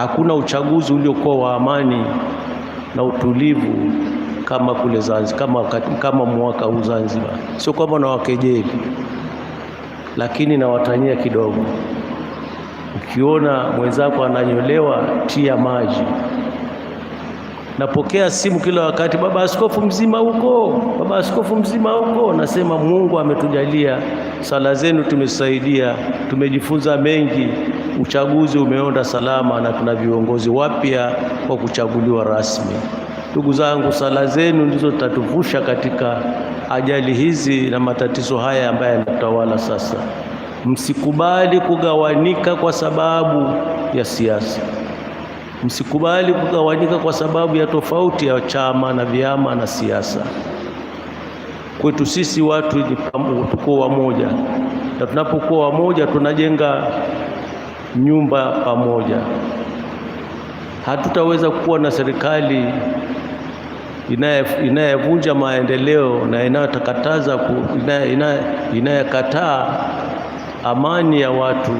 Hakuna uchaguzi uliokuwa wa amani na utulivu kama kule Zanzibar, kama, kama mwaka huu Zanzibar. Sio kwamba nawakejeli, lakini nawatania kidogo. Ukiona mwenzako ananyolewa, tia maji. Napokea simu kila wakati, baba askofu mzima huko, baba askofu mzima huko. Nasema Mungu ametujalia, sala zenu tumesaidia, tumejifunza mengi. Uchaguzi umeonda salama na tuna viongozi wapya kwa kuchaguliwa rasmi. Ndugu zangu, sala zenu ndizo zitatuvusha katika ajali hizi na matatizo haya ambayo yanatawala sasa. Msikubali kugawanika kwa sababu ya siasa, msikubali kugawanika kwa sababu ya tofauti ya chama na vyama na siasa. Kwetu sisi watu tuko wamoja, na tunapokuwa wamoja tunajenga nyumba pamoja. Hatutaweza kuwa na serikali inayevunja maendeleo na inayotakataza inayokataa amani ya watu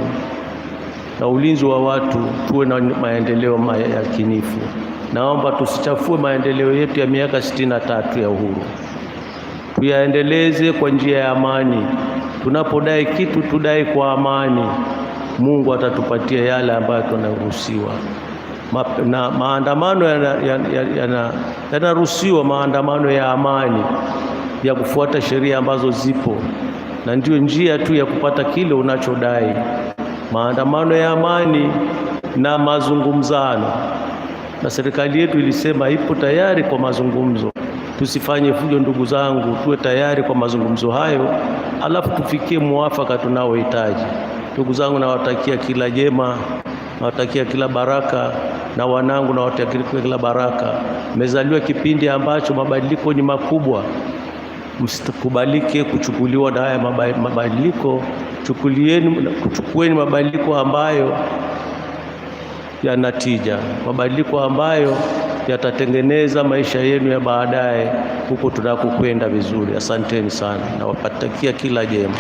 na ulinzi wa watu. Tuwe na maendeleo yakinifu. Naomba tusichafue maendeleo yetu ya miaka sitini na tatu ya uhuru, tuyaendeleze kwa njia ya amani. Tunapodai kitu tudai kwa amani. Mungu atatupatia yale ambayo tunaruhusiwa. Ma, na maandamano yanaruhusiwa ya, ya, ya maandamano ya amani ya kufuata sheria ambazo zipo, na ndio njia tu ya kupata kile unachodai. Maandamano ya amani na mazungumzano, na serikali yetu ilisema ipo tayari kwa mazungumzo. Tusifanye fujo, ndugu zangu, tuwe tayari kwa mazungumzo hayo, alafu tufikie muafaka tunaohitaji. Ndugu zangu, nawatakia kila jema, nawatakia kila baraka na wanangu nawatakia kila baraka. Mmezaliwa kipindi ambacho mabadiliko ni makubwa, msikubalike kuchukuliwa na haya mabadiliko. Chukulieni, chukueni mabadiliko ambayo yanatija mabadiliko ambayo yatatengeneza maisha yenu ya baadaye huko tunakokwenda vizuri. Asanteni sana, nawatakia kila jema.